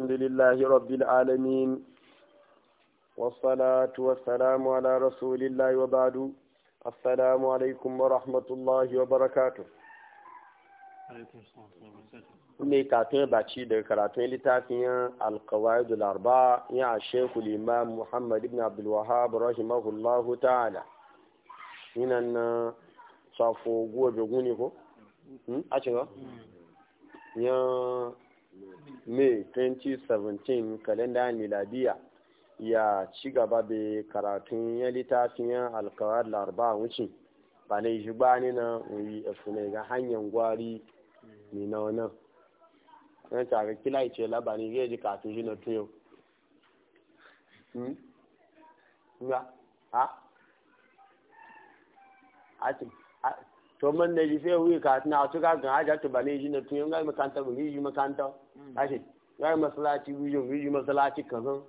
الحمد لله رب العالمين والصلاة والسلام على رسول الله وبعد السلام عليكم ورحمة الله وبركاته ne kafin baci daga karatun littafin alkawaidu larba ya shekul imam muhammad ibn abdulwahab rahimahullah ta'ala ina na safo gobe guni ko? Hmm, a cikin hmm. ya may 2017 kalenda miladiya ya ci gaba da karatun ya littafin alkawar larba wucin ba na yi ba ni na yi ne ga hanyar gwari ni na wannan tare kila ce labarin zai ji kafin shi na tuyo hmm? ha? to man na jife wi ka na to ga ga aja to bane ji na tun ga makanta bu ji makanta kashi ga masallaci wi jo wi masallaci kazan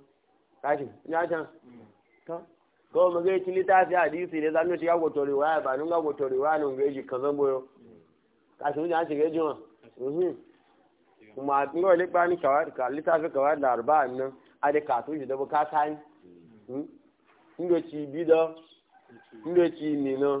kashi ina ta to ko mu ga ci litafi hadisi ne zanu ci ga goto riwaya ba nun ga goto riwaya nun ga ji kazan boyo kashi mun ya ci ga ji wa mhm kuma tun ga le ka kawai ka litafi kawai da arba'a nan ade ka to ji da bukata ni ndo ci bida ndo ci ni na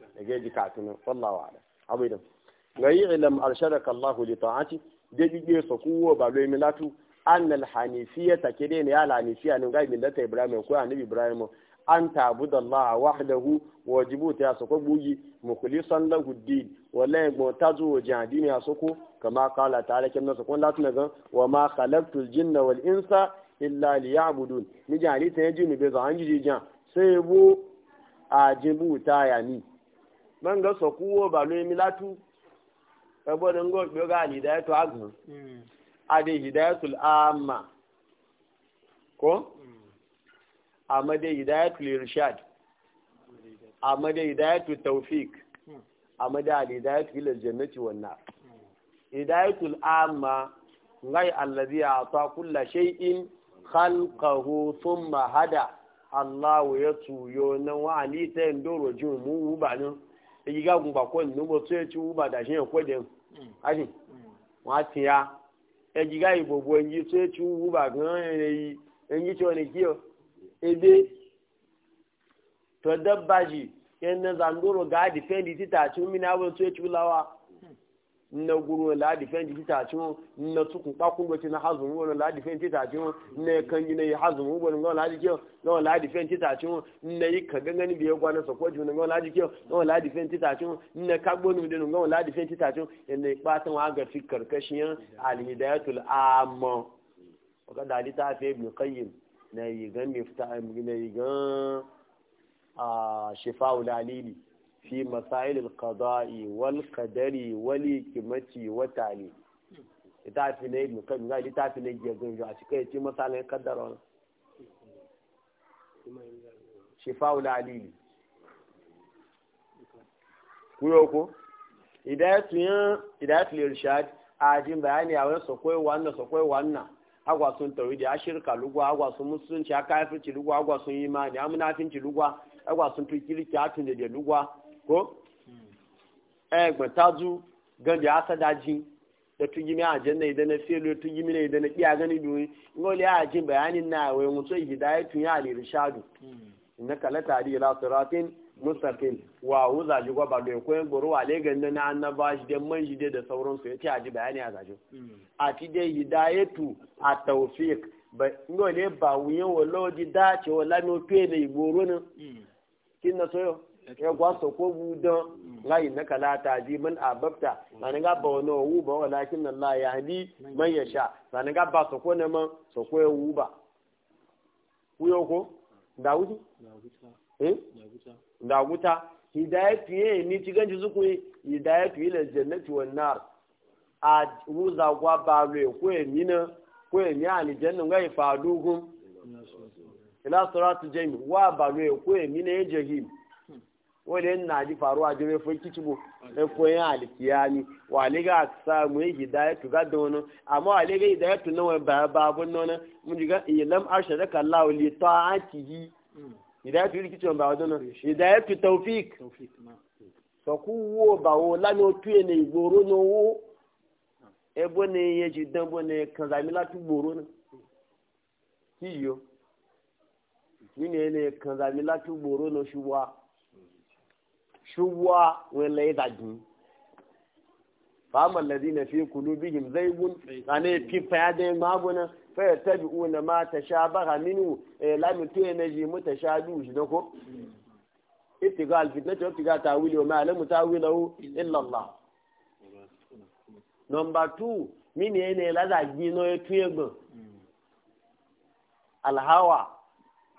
da gaji katun wallahu ala abidan gayi ilam arshadaka allah li ta'ati bi ge so kuwo ba lo milatu an al hanifiya ta kede ne ala hanifiya ne gaji millata ibrahim ko annabi ibrahim an ta'budu allah wahdahu wajibu ta so ko buji mukhlisan lahu din wallahi mo tazu jadi ya so ko kama qala ta'ala kin so ko latu ne ga wa ma khalaqtul jinna wal insa illa liya'budun ni jali ta yaji ni be za an ji jan sai bu a jibu ta yani man ga so kuwo ba lo mi latu e bo den go be ga ni da to agun hmm. ade hidayatul amma ko hmm. amma dai hidayatul irshad amma dai hidayatul tawfiq hmm. amma dai hidayatul ila jannati wan nar hidayatul amma ngai allazi ata kullu shay'in khalqahu thumma hada Allah ya tuyo nan wa ali ta ndoro mu ba nan èyí gágun bà kọ́ nínú mo tún ẹtí wúbà dàṣẹ́ yẹn kọ́ dẹ̀ ádì ti ya ẹjì gá ìbòbò ẹ̀yìn tún ẹtí wúbà gan ẹ̀yìn ẹ̀yìn tí wọ́n ní kí ọ ebe tọ́dọ̀ bàjì yẹn náà zàndóró gáàdì fẹ́ǹdì títà tún mí náà na guru la defend ti ta chun na tu kun pakun go ti na hazu mu la defend ti ta chun na kan yi na yi hazun wo ngo la di kyo ngo la defend ti ta chun na yi ka ganga ni biye gwana so ko ju ngo la di kyo ngo la defend ti ta chun na ka gbonu de ngo la defend ti ta chun ne pa tan wa ga fi karkashin al hidayatul amma o ka dali ta fe ibn qayyim na yi gan mifta na yi gan a shifa'ul alili fi masailil qada'i wal qadari wal hikmati wa ita fi ne mu kan ga fi ne ga jo a cikin ci masalin kaddara shifa'ul alili yo ko idayatul idayatul irshad ajin bayani a wani sokoi wannan sokoi wannan agwa sun tawhidi da shirka lugwa agwa sun musulunci a kafirci lugwa agwa sun imani a munafinci lugwa agwa sun tukirki a atun da lugwa ko ẹgbẹ̀ tazu ganbi ji da tujimi ajin na idan na filo tujimi na idan na kiya gani doyi ngole ajin bayanin na wai mutu hidayat tun ya ali rishadu hmm. na kala tari ila siratin mustaqim wa wuza ji gwaba da ko en goro ale ganna na annaba shi da man shi da sauran su yace aji bayani a zajo a ti dai hidayatu at tawfiq ba ngole ba wuyen wala ji dace wala no pe ne igoro ne hmm. kin na soyo ya gwaso ko budan mm. layi na kalata bi a ababta sani ga ba wani wu ba walakin Allah ya hadi man ya sha sani ga ba so ko ne man so ko wu ba kuyo ko da eh dawuta wuta hidayatu ye ni cigan ji zuku hidayatu na jannati wa nar a wuza gwa ba le ko e mina ko e mi ali jannu ga ifaduhum ila siratu jami wa ba le ko e mina jahim wale na ji faruwa jire fo kitibo e fo yan alkiyani wale ga sa mu yi da to ga dono amma wale ga da to no ba ba bun no na mun diga ilam arshadaka allah li ta'atihi mm. hidayatu yi kitchen ba wadono hidayatu tawfik tawfik ma so ku wo ba wo la no tu ene igboro no wo e bo ne ye ji dan bo ne kan za mi la tu gboro na ki yo ni ne ne kan za mi la tu gboro no shuwa shubuwa wani laye zagi famar lazi na fi kulu bihim zai gun tsane fifa ya dai maguna fayar tabi una ma ta sha baha minu lamitu ya na mu ta sha biyu shi na ko ittiga alfitnati ittiga tawili wa ma alamu tawilahu illa allah number 2 mini ne laza gi no etu egbon alhawa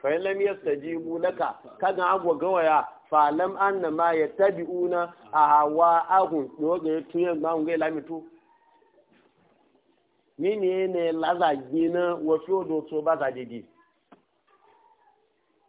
fa lam yastajibu laka kaga agwa ya fa lam anna ma yattabi'una ahawa ahun doge tuye ma ngai lamitu nini ne laza gina wa fiodo to ba za dede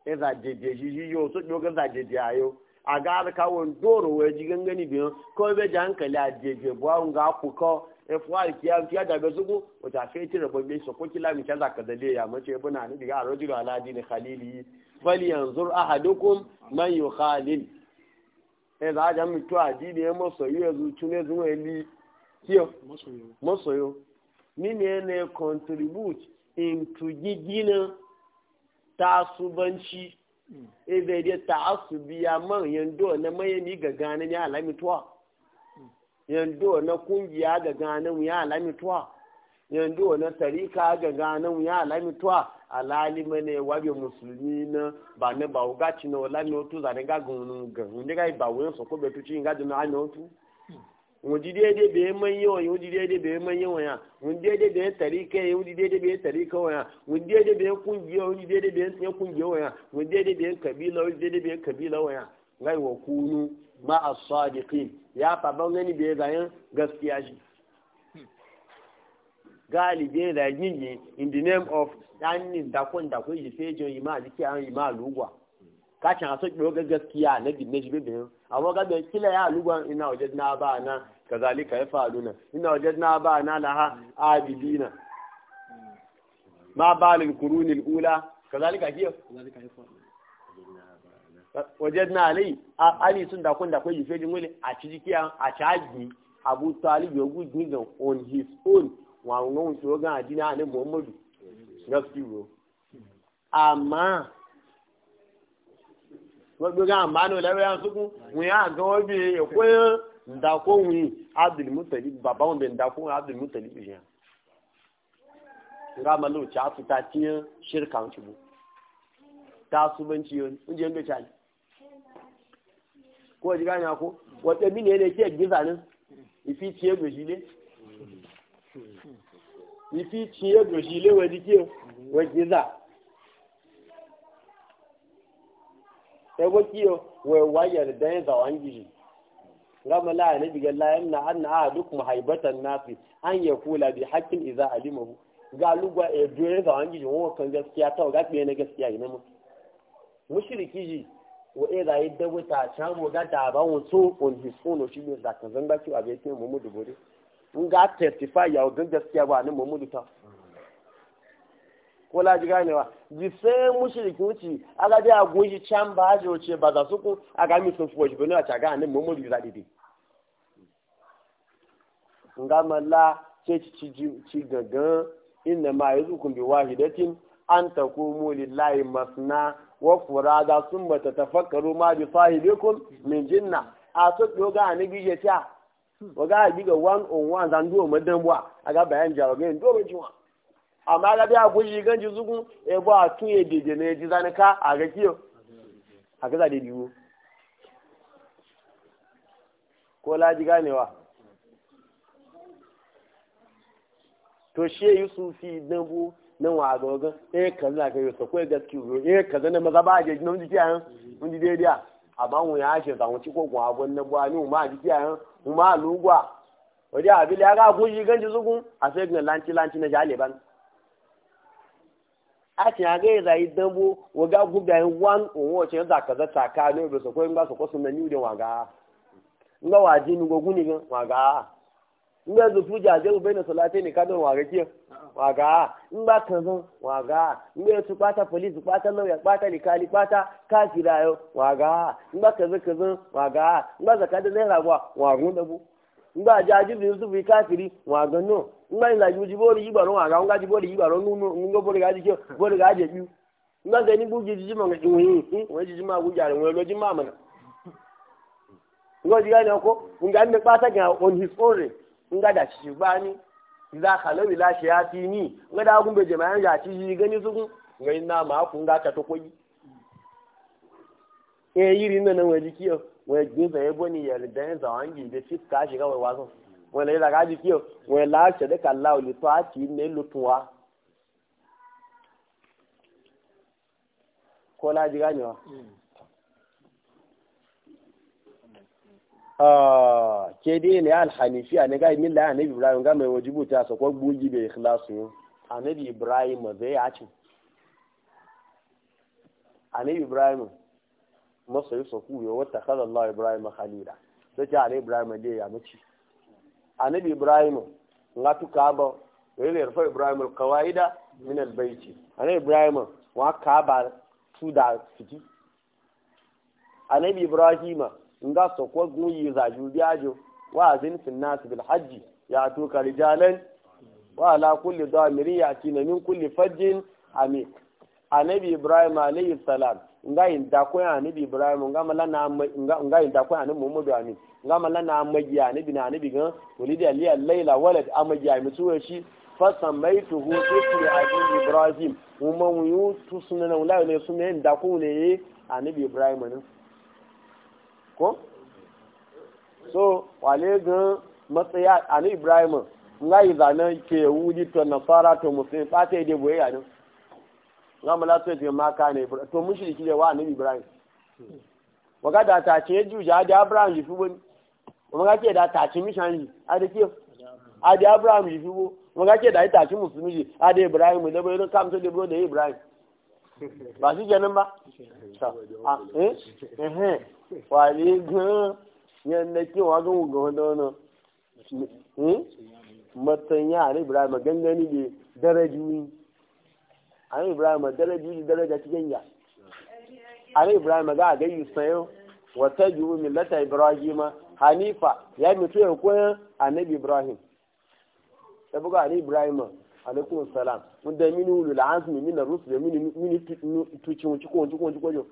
e za dede jiji yo so doge za dede ayo aga ka won doro we jigangani biyo ko be jankali a dede bo an ga kuko fy kiya kiya da ga zugu wata fe tira bombe so ko kila mi kaza ka dale ya mace buna ni diga rajulu ala din khalili fali yanzur ahadukum man yukhalil e da ga mi to adi ne mo so yo zu tune zu eli kiyo mo so yo ni ne ne contribute into gigina tasubanci ebe da ta'asubiya man yando na mayani ga ganin ya alamituwa yanzu na kungiya ga ganin ya alamituwa yanzu na tarika ga ganin ya a. alalima ne wabe musulmi na ba na ba ga ci na wala ne otu zane ga gunun gunun ne ga ba wurin so ko betu ci ga dun na otu wuji dede be man yawa wuji dede man ya wuji dede be tarika ya wuji dede be tarika ya wuji dede be kungiya wuji dede be kungiya ya wuji kabila wuji kabila ya ngai wa kunu ma a sadiqin ya fa wani bai zayin gaskiya shi galibi da gingi in the name of dannin da kun da kun yi sai jo ima ziki an a lugwa ka a soki ga gaskiya na dinne shi bibin amma ga da kila ya lugwa ina waje na ba na ka kazalika ya na ina waje na ba na laha abidina ma balil kurunil ula kazalika kiyo kazalika ya faluna wajen na alayi ali sun da kun da wani a ci a caji abu on his own wa ngon so ga adina ne muhammadu gaskiya ro amma gbogbo ga amma no lawe an suku ya ga obi ya koyo nda ko wi abdul baba won be nda ko abdul mutalib ya nga malu cha fita bu ta subanci yon unje ndo chali ko ji gani ko wata mini ne ke giza nan ifi ciye gojile ifi ciye gojile wa dike wa giza ego kiyo wa wayar da ya zawan gishi gama la ne biga la yanna anna a duk muhaibatan nafi an ya kula bi hakkin iza alimahu ga lugwa e doye zawan gishi wa kan gaskiya ta ga ne gaskiya ina mu mushriki ji wa e rayu da ta can mu ga da ba won so on his own shi ne zaka zan ba ki a bai mu mudu dubure mun ga testify ya ga gaskiya ba ni mu mudu ta ko laji ganewa ji sai mushrikin wuci aga da shi can ba ji wuce ba za su ku aga mi sun fuwa shi bane a taga nan mu mu da dide nga malla ce ci ci gangan inna ma yazukum bi wahidatin an takumu lillahi masna wa furada sun bata tafakkaru ma bi sahibikum min jinna a to ga ni bi je ta ga bi ga one on one zan do madan bwa ga bayan jawo ga ndo bi jiwa amma ga a ku yi ganji zugun e a tun e deje ne ji zan ka a ga kiyo a ga da biwo ko laji wa to she yusufi dambu nan wa a ga eh kaza ka yi so kai gaskiya eh kaza ne maza ba je nan jiki an mun ji dai dia amma ya ce na bwa ni ma ma lugwa wadi abi ga ku yi ganji a sai ga lanci lanci na jale ban a ce ga yi e zai dambo wa ga guga yin wan owo ce da kaza ka ne ba so kai ba so ko sun na ni wa ga ngawa jini ga wa ngba zufu jaje ube na solate ne kadon waga kiyo waga ngba kanzon waga ngba su e kwata police kwata lawyer kwata likali kwata kafira yo waga ngba kanzon kanzon waga ngba zakada ne da bu bi zufu kafiri waga no juji bori waga ji bori bori kiyo bori ju ga ni ji ji ma in ga da shi ba ni za ka lawi lashe ya fi ni in ga da gun bai jama'an ya ci shi gani su gai na ma ku ga ka to koyi e, eh yiri nan nan waje kiyo wai gbe zai boni ya ridan za wangi da fit ka shiga wai wazo wai lai daga ji kiyo wani lashe da kallahu li to a ci ne lutuwa ko la ji ganewa mm. ah ke dai ne alhanifiya ne ga milla annabi ibrahim ga mai wajibu ta sa ko bugi bai ikhlasu yo annabi ibrahim zai ya ci annabi ibrahim masa yi soku yo wata kaza allah ibrahim khalila sai ce annabi ibrahim dai ya mace annabi ibrahim nga tuka ba wai ne rufa ibrahim alqawaida min albayti annabi ibrahim wa ka su da fiti annabi ibrahim nga sokwa gun yi zaju biajo وأذن في الناس بالحج يأتوك رجالا وعلى كل ضامر يأتين من كل فج عميق النبي إبراهيم عليه السلام nga yin dakwai anabi ibrahim nga mala na nga yin dakwai muhammadu amin nga mala na amaji anabi na anabi gan wulidi liya laila walad amagi a suwa shi fasan mai tuhu ismi akin ibrahim kuma wuyu tu suna na wula ne suna yin dakwai ne anibi ibrahim ne ko so wale gan matsaya ani ibrahim nga yi zane ke yahudi to nasara to musulmi fata yi debo ya nan nga mala to yi maka ne to mushriki ne wa ani ibrahim waga da ta ce juja da abraham yi fi wani kuma ga ke da ta ce mishan yi a da ke a da abraham yi fi wo kuma ga ke da ta ce musulmi yi a da ibrahim da bai kam to debo da ibrahim ba shi kenan ba a eh eh wale gan yan na kewa ga wuga wanda wani hmm? matan ne ibrahim gangani ne daraji ne a ibrahim daraji ne daraja ci ya a ibrahim ga a gayu sayo wata jiwu millata ibrahim hanifa ya mutu ya koyan annabi ibrahim ta buga a ibrahim alaikum salam da mini wulu mini na ar da mini mini tuci wuci kowace kowace kowace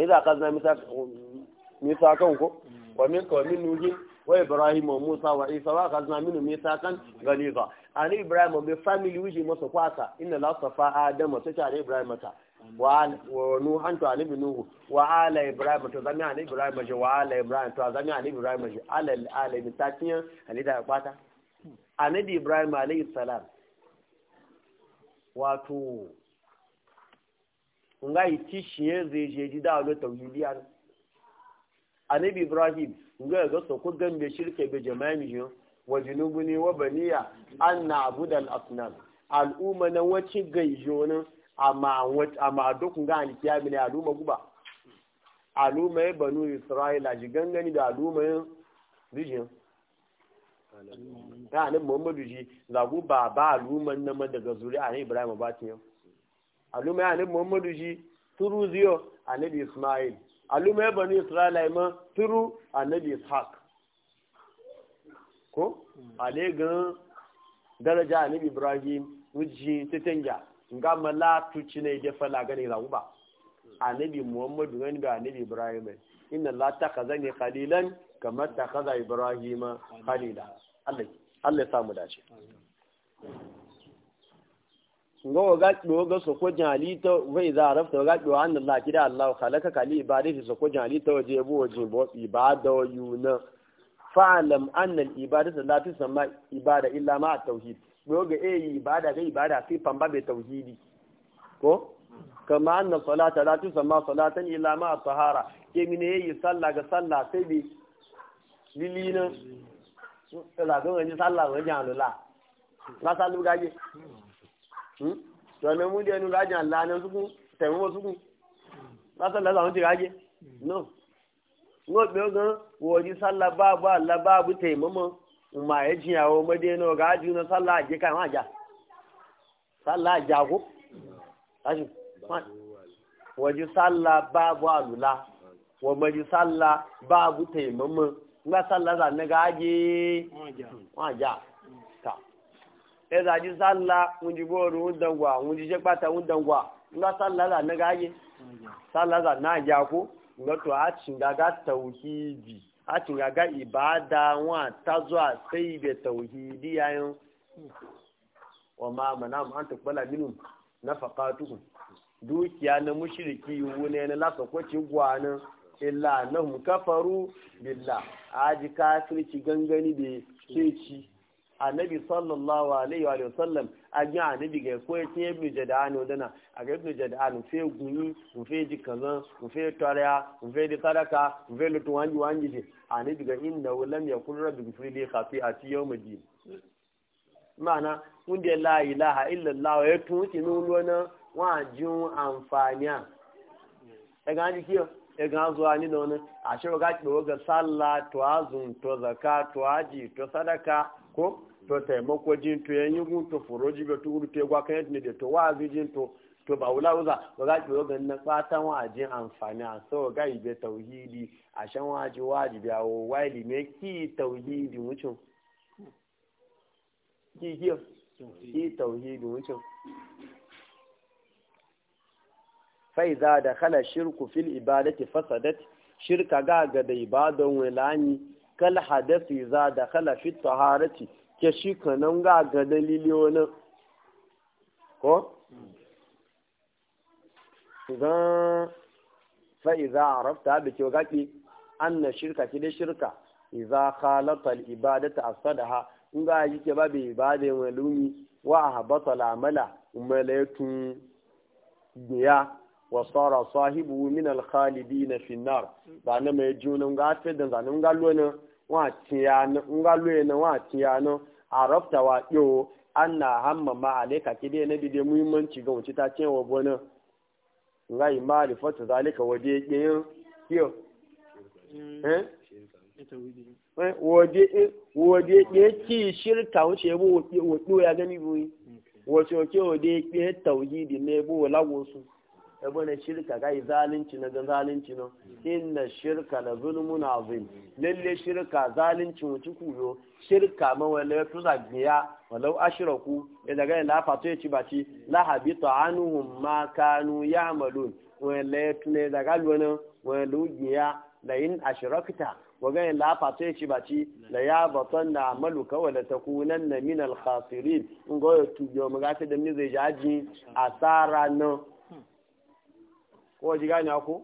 إذا أخذنا ميثاقهم ومن قوم نوح وإبراهيم وموسى وعيسى وأخذنا منهم ميثاقا غليظا أن إبراهيم بفاميلي وجي مصر قاسا إن الله صفى آدم وتشعر إبراهيم ونوح أنت عن ابن نوح وعلى إبراهيم تزمي عن إبراهيم جي وعلى إبراهيم تزمي عن إبراهيم جي على الآلة ميثاقيا أن إذا قاسا أن إبراهيم عليه السلام واتو nga yi ci shi ya zai je ji da wani an anabi ibrahim nga ga so ko gambe shirke be jama'a mi yo wa ni wa baniya an na al asnam al umma na wace gaijo ne amma amma duk nga an kiyami ne aluma guba aluma ya banu isra'ila ji gangani da aluma yin rijin ta hannun muhammadu ji zagu ba ba aluman nan daga a ne ibrahim ba ta yau alume ya muhammadu shi turu ziyo annabi ismail alume ya bani isra'ila ma turu annabi ishaq ko ale gan daraja annabi ibrahim wujji titanja nga mala tuci ne je fala gani za uba annabi muhammadu ne ga annabi ibrahim inna la takhazani qalilan kama takhaza ibrahima qalila Allah Allah samu dace ga wa gaɗi ga soko jalita wai za a rafta gaɗi wa annan laki da Allah halaka kali ibadai shi soko jalita waje jin bo ibada wa yuna fa'alam annal ibada ta lati sama ibada illa ma tauhid go ga eh ibada ga ibada sai famba bai tauhidi ko kama anna salata la ma salatan illa ma tahara ke mine eh, yi salla ga salla sai bi lilinan sallah ga wani sallah ga jalula na sallu gaje tọ́nà hmm? mú dẹnu rájà lánà sókún tẹ̀wọ́n sókún lásán lásán ti rájẹ náà wọ́n pẹ́ gan wọ́n sálà báàbù àlà báàbù tẹ̀ mọ́mọ́ ìmọ̀ ẹ̀jìn àwọn ọmọdé náà rájù náà sálà àjẹ́ káwọn àjà sálà àjà kó rájù wọ́n di sálà báàbù àlùlá wọ́n sálà báàbù tẹ̀ mọ́mọ́ ńgbà sálà sàn náà rájẹ́ wọ́n àjà. ẹ̀dà jí sálà ń jí bóòrù ń dangwa ń jí jẹ́pàtà ń dangwa ńlá sálà là náà ayé sálà là náà jà kó ńlọ́tọ̀ á tì gàgà ìbáadà wọn àtàzọ́ àtẹ́yìbẹ̀ wọ́n máa mọ̀ náà máa ń nínú dukiya na mushriki wune na gwanin illa aji kafirci gangani da ci annabi sallallahu alaihi wa sallam a yi annabi ga ko ya ce ibnu jada'an wadana a ga ibnu jada'an fe guni mu fe ji kazan mu fe taraya mu fe di sadaka mu fe lutu wangi wangi ji annabi ga inna lam yakun rabbi a khati'ati yau maji ma'ana kun da la ilaha illa allah ya tun ki nun na wa jun amfaniya e ga ji kiyo e ga zo ani wani a shi ga ki ga sallah to azun to zakat to aji to sadaka ko to taimako jin to yan yi gunto furo jibe tu gudu te kan yadda ne da to wa zai jin to to ba wula wuza ba za ki rogan na fatan wajin amfani a sau ga ibe tauhidi a shan waji wajibi a wo waili me ki tauhidi wucin ki ki ki tauhidi wucin faiza da khala shirku fil ibadati fasadat shirka ga ga da ibadan wilani kala hadasi za da kala fito harati. ke shi kanan ga ga dalili wani ko? zan fa'iza a rafta da ke gaɓi an na shirka ki da shirka iza khalatal ibadata afsadaha in ga yi ke babu ibada wa lumi wa habata lamala umalatun biya wa sara sahibu min al khalidin fi nar ba na mai junan ga fe da zanun ga lona wa tiya na wa tiya na arabta wa yo anna hamma ma alayka kide na bide muhimmanci ga wuce ta cewa bonan ngai ma'rifatu zalika waje kiyo kiyo eh, eh wode ɗaya ki shirka wuce bu wode ya gani buyi wace wake wode ɗaya tauhidi ne bu lagosu ya shirka ga yi zalunci na ga zalunci na inna shirka la zulmun azim lalle shirka zalunci wuci kuyo shirka ma wala ya tuza biya walau ashraku ya e daga la fato ya ci baci la habita anhum ma kanu ya'malun wala ya tune daga lwana wala ugiya la in ashrakta waga ya lafa ta ya ci baci la ya batan na amalu kawai da takunan na minal khasirin in goyo tuyo magata da mi zai jaji asara nan ko ji gane ko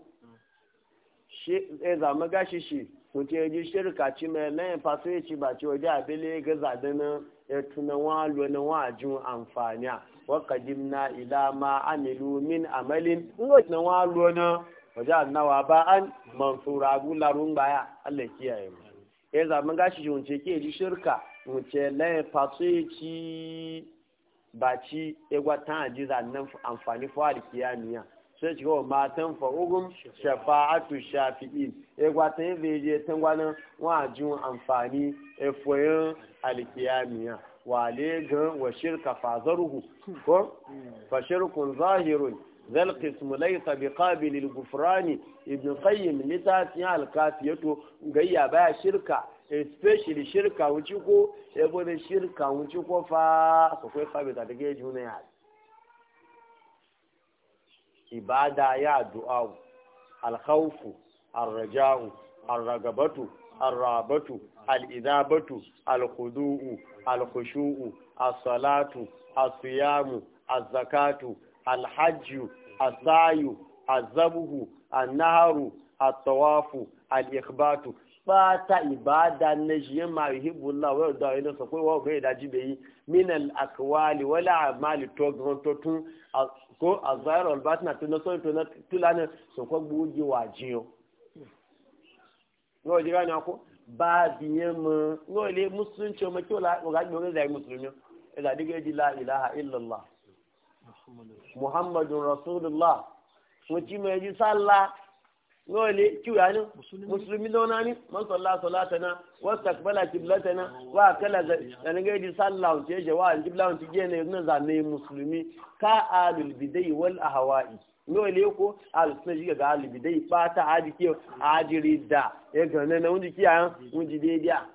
shi e eh, za mu gashi shi mutum ji shirka ci mai nan so ya ci ba ci waje a bile ga na ya tuna wa lona wa jin amfani wa kadimna ila ma amilu min amalin ngo tuna wa lona wajen annawa ba an mansura gularun baya Allah kiyaye mu e eh, za mu gashi shi mutum ke ji shirka mutum nan so ya ci ba ci egwa ji ajiza na amfani fa alkiyamiya sai shiga wa matan fa'ugun shafa'atu shafi'i ya e gwata yin e veje e ta gwanan wajin amfani efoyin alkiyamiya wale ga wa shirka fazarhu ko fa shirkun zahirun zal qismu laysa biqabil al-ghufrani ibn qayyim litati al Yato, gayya baya shirka especially shirka wuci ko ebo da shirka wuci ko fa akwai fabita da gaje juna ya ibada ya du'a alkhawfu arraja'u arragabatu arrabatu al'izabatu alkhudu'u alkhushu'u as-salatu as-siyamu az-zakatu alhajju as-sayu az-zabhu an-naharu at-tawafu al-ikhbatu bata ibada na shi ma yuhibbullah wa yarda ina so ko wa ga da jibe yi min al aqwali a'mali to gon tun ko a al batna to no so to na tulana so ko buji wajiyo no jiga na ko ba biye mu no le musulunci ma ko la ga gbe ga musulunci ila e diga ji la ilaha illallah muhammadun rasulullah mo ji ma ji sallah lole kiwa ne musulmi zauna ne man salla salatana wa takbala kiblatana wa kala zan ga di sallahu ce je wa kiblahu ti je ne nan zanne musulmi ka alul bidai wal ahwa'i lole ko al sunna ga alul bidai ba ta hadi ke ajiri da ya ga nan wuji kiya wuji dai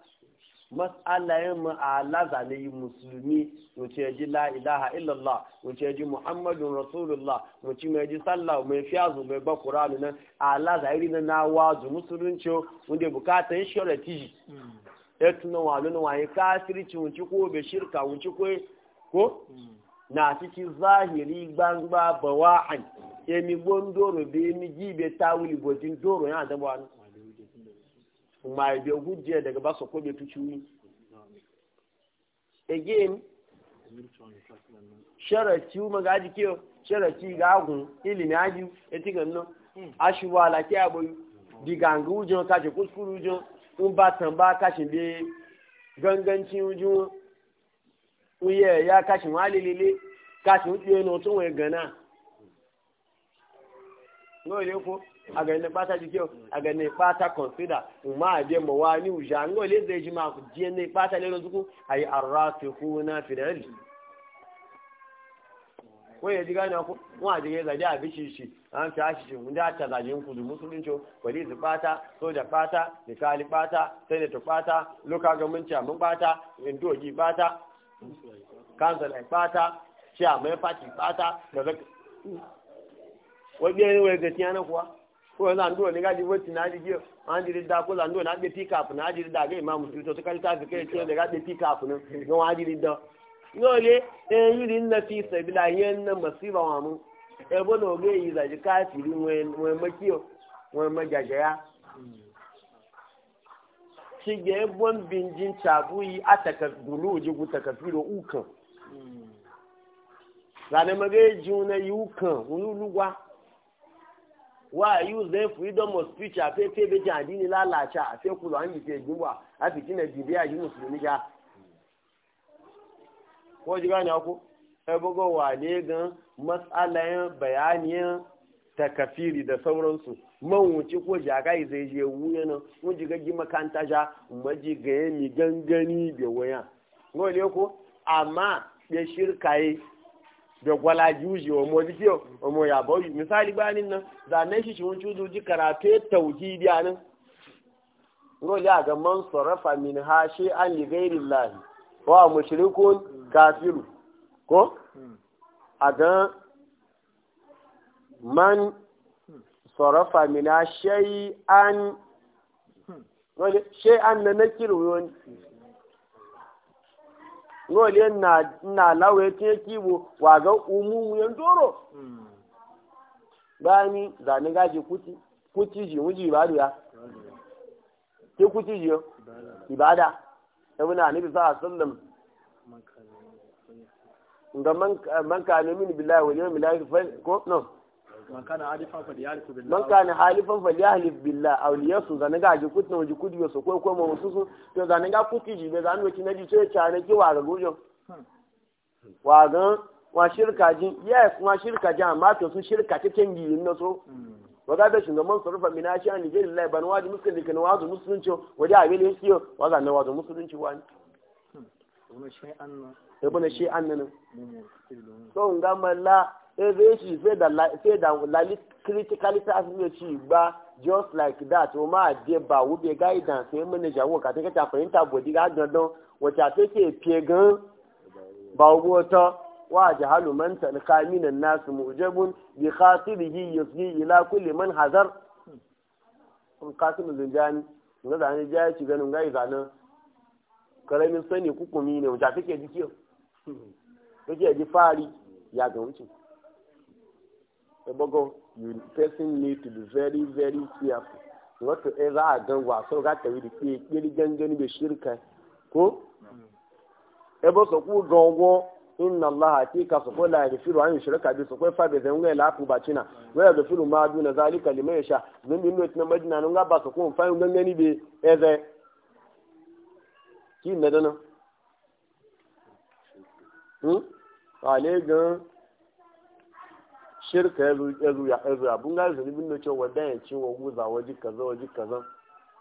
mas'alayen ma'alaza ne yi musulmi wace ji la ilaha illallah wace ji muhammadun rasulullah wace mai ji sallah mai fiyazu mai ba kuranu nan alaza iri na na wazu musulunci wanda bukata yi shara tiji ya tuna wani na wani kafirci wunci ko bai shirka wunci ko ko na cikin zahiri gbangba bawa'an emi gbondoro bai emi gibe tawili bozin doro yana da wani ma bai hujje daga ba su kobe tu ciwi again mu ga jike ga ilimi aju etigan no ashuwa la ke aboyu jo ka je jo un ba tan ba ka shin uju uye ya ka shin ka shin no tun we gana no ko a ganin bata a ganin bata consider ma a je ma wani wuja an gole zai jima ku je ne bata ne rozuku ayi arrasikuna fil ilm ko ya ji gane ku wa na ga da shi an ta shi shi mun da ta zalin ku du musulunci wali zu soja bata da kali kpata, sai da to kpata, loka ga mun mun kpata, kpata, kpata, da kuwa ko na ndu ga dibo tinadi na an diri da ko lando na be pick up na diri da ga imam su to kali ta fike ce ne ga be pick up no no wa diri da no le e yiri na fi sabila yen na masiba wa mu e bo no ge yi za ji ka ti ri wen wen makio wen majajaya shi ge bon binjin chabu yi ataka gulu ji guta kafiro ukan zane mage juna yukan wululugwa wa use them freedom of speech afe fe be jan dini lalacha afe kulo an yite jinwa afi tina jibe ayi musulmi ja ko jiga ne ko e wa ne gan mas'alayan bayaniyan takafiri da sauransu man wuce ko jaga zai je wuya nan mun jiga gi makanta ja ji ga mi gangani be waya ngole ko amma be shirkaye da gwalaji wuce wa modi fiye wa mo ya bauyi misali ni nan zanen shi shi wuce zuji karatu ya tauhidi a nan roli a ga man sarrafa min ha shi an li gairi lahi wa mushrikun kafiru ko a ga man sarrafa min ha shi an shi an na nakiru wani ngole na na lawe te kibo wa ga umumu yan doro bani za ni gaji kuti kuti ji muji ibadu ya ke kuti ji ibada ibn anabi sallallahu alaihi wasallam ga man eh, man kana min billahi wal yawmil akhir ko no man kana halifan fa liyahlif billa man kana halifan fa liyahlif billah aw liyasu zan ga ji kutna waji kudi wasu ko ko susu to zan ga kuki ji be zan wuci na ji ce cha ne ki wa ga gojo hmm. wa ga wa shirka ji yes wa shirka ji amma to su shirka ta kengi yin na so hmm. wa ga da shugaban surfa minashi an lijin lillahi ban waji muskin dikin wazu musulunci waje abin yake waza na wazu musulunci wani hmm. ebona shi an nan so nga mala ebe shi sai da sai da lali critically ta asu ci ba just like that o ma de ba wo be guidance e mene jawo ka take ta fahimta bodi ga dandan wata take pie gan ba wo to wa jahalu man talqa min an-nas mu'jabun bi khatibihi yusli ila kulli man hazar qasim hmm. zinjani nga da ni ja ci ganin ga izanin karamin sani kukumi ne wuta take ji ọ take ji fari ya ga wuce ebogo you person need to be very very careful not to eh, a agan wasu ga tawi da ke kiri gangan shirka e, ebo so ku gongo inna allaha tika su kula bi fa bai zan ga lafu bacina wa da firu ma duna zalika liman yasha min na madina nun ga ba su eze kí nà dáná ale gan shirka yazu ya yazu ya bunga zunubin cewa dan ya ci wa guza waje kaza waje kaza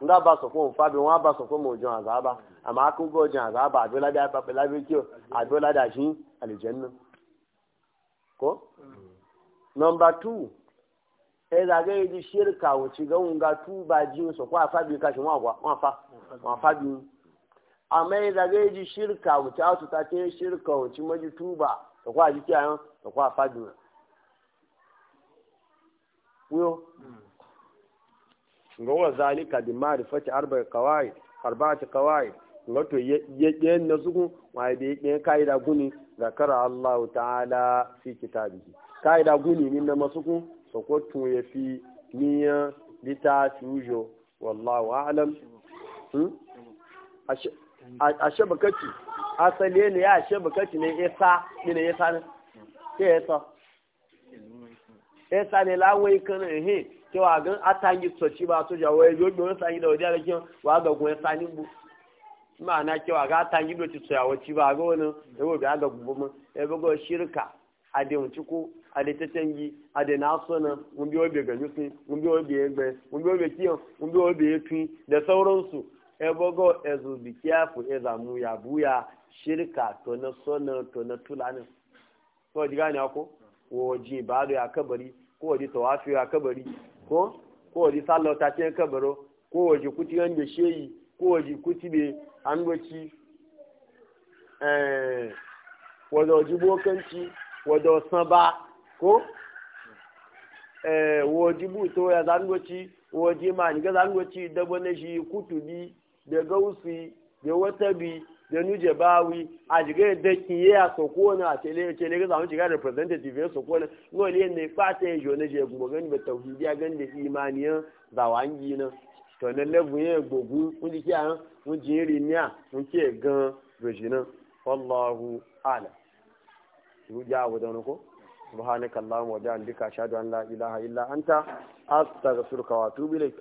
nga ba so ko fa bi wa ba so ko mo azaba amma ku go jon azaba adola da ba bela bi kiyo adola da shi aljanna ko number 2 eh da ga yi shirka wuci ga unga tu ba ji so ko fa bi ka shi wa wa fa wa fa bi a ya zai ji shirka wuce a ta ce shirka wuce maji tuba ta kwa jiki a ta kwa fadin yo ga wa zalika bi ma'rifati arba'i qawaid arba'ati qawaid ga to yake na zugun wa da yake kaida guni kara Allah ta'ala fi kitabihi kaida guni min na masuku tun ya fi niya lita tujo wallahu a'lam hmm a shabakati asali ne ya shabakati ne isa ne na isa ne ke isa isa ne lawai kan ehe ke wa gan atangi tsoci ba to jawo ya yodo na sanyi da wajen da kin wa ga gwen sani bu ma'ana ke wa ga atangi do ci tsoyawo ci ba ga wani da gobe ga gubu mun ya bugo shirka ade nciko ade tetengi ade nasona mun bi obe ga yusi mun bi obe egbe mun bi obe kiyon mun bi obe etun da sauransu ebogo ezu bi kiafu eza mu ya buya shirka to na sona to na tulanin ko ji gane ko woji ba da ya kabari ko waje tawafi ya kabari ko ko waje sallah ta ce kabaro ko ji kuti yanda sheyi ko ji kuti be an goci eh wada waje bokanci wada san ba ko eh waje bu to ya zangoci ji ma ni ga zangoci dabo na shi kutubi da gausi da wata bi da nuje bawi a jiga da kiye a sokona a tele tele ga zamu jiga representative ya sokona no le ne fata ya jona je gumo gani ba tauhidi ya gani da imaniyan zawangi na to ne lebu ye gogu kun ji an mun ji ri ni a mun ke gan rojina wallahu ala ru ja wa don ko subhanakallahumma wa bihamdika ashhadu an la ilaha illa anta astaghfiruka wa atubu ilayk